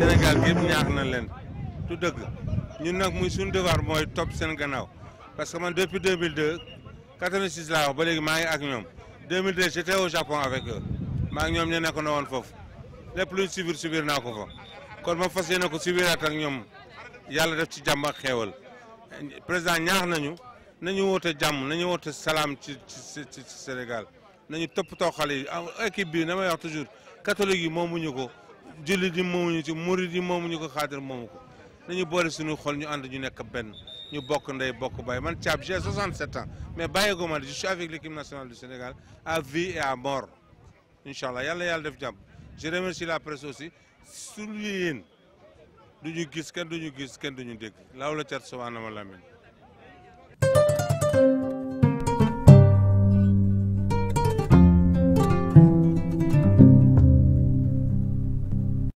Sénégal gi yëpp ñaax na leen du dëgg ñun nag muy suñu devoir mooy topp seen gannaaw parce que man depuis 2002 86 laa wax ba léegi maa ngi ak ñoom 2002 j'étais au Japon avec eux ñoom ñu nekk na woon foofu lépp luñ subir subir naa ko fa kon ma fas yéene ko subiraat ak ñoom yàlla def ci jàmm ak xéewal président ñaax nañu nañu woote jàmm nañu woote salaam ci ci ci Sénégal nañu toppatoo xale yi ah, équipe bi damay wax toujours catholique yi moomuñu ko jullit yi moomuñu ci murit yi moomuñu ko xaadir moomu ko nañu boole suñu xol ñu ànd ñu nekk benn ñu bokk ndey bokk baay man Thiam j'ai 67 ans mais bàyyeeguma je suis avec l'équipe nationale du Sénégal à vie et à mort incha allah yàlla yàlla def jàmm je remercie la presse aussi suñu yéen du ñu gis kenn du ñu gis kenn du ñu dégg laaw la cat subhaana ma lamin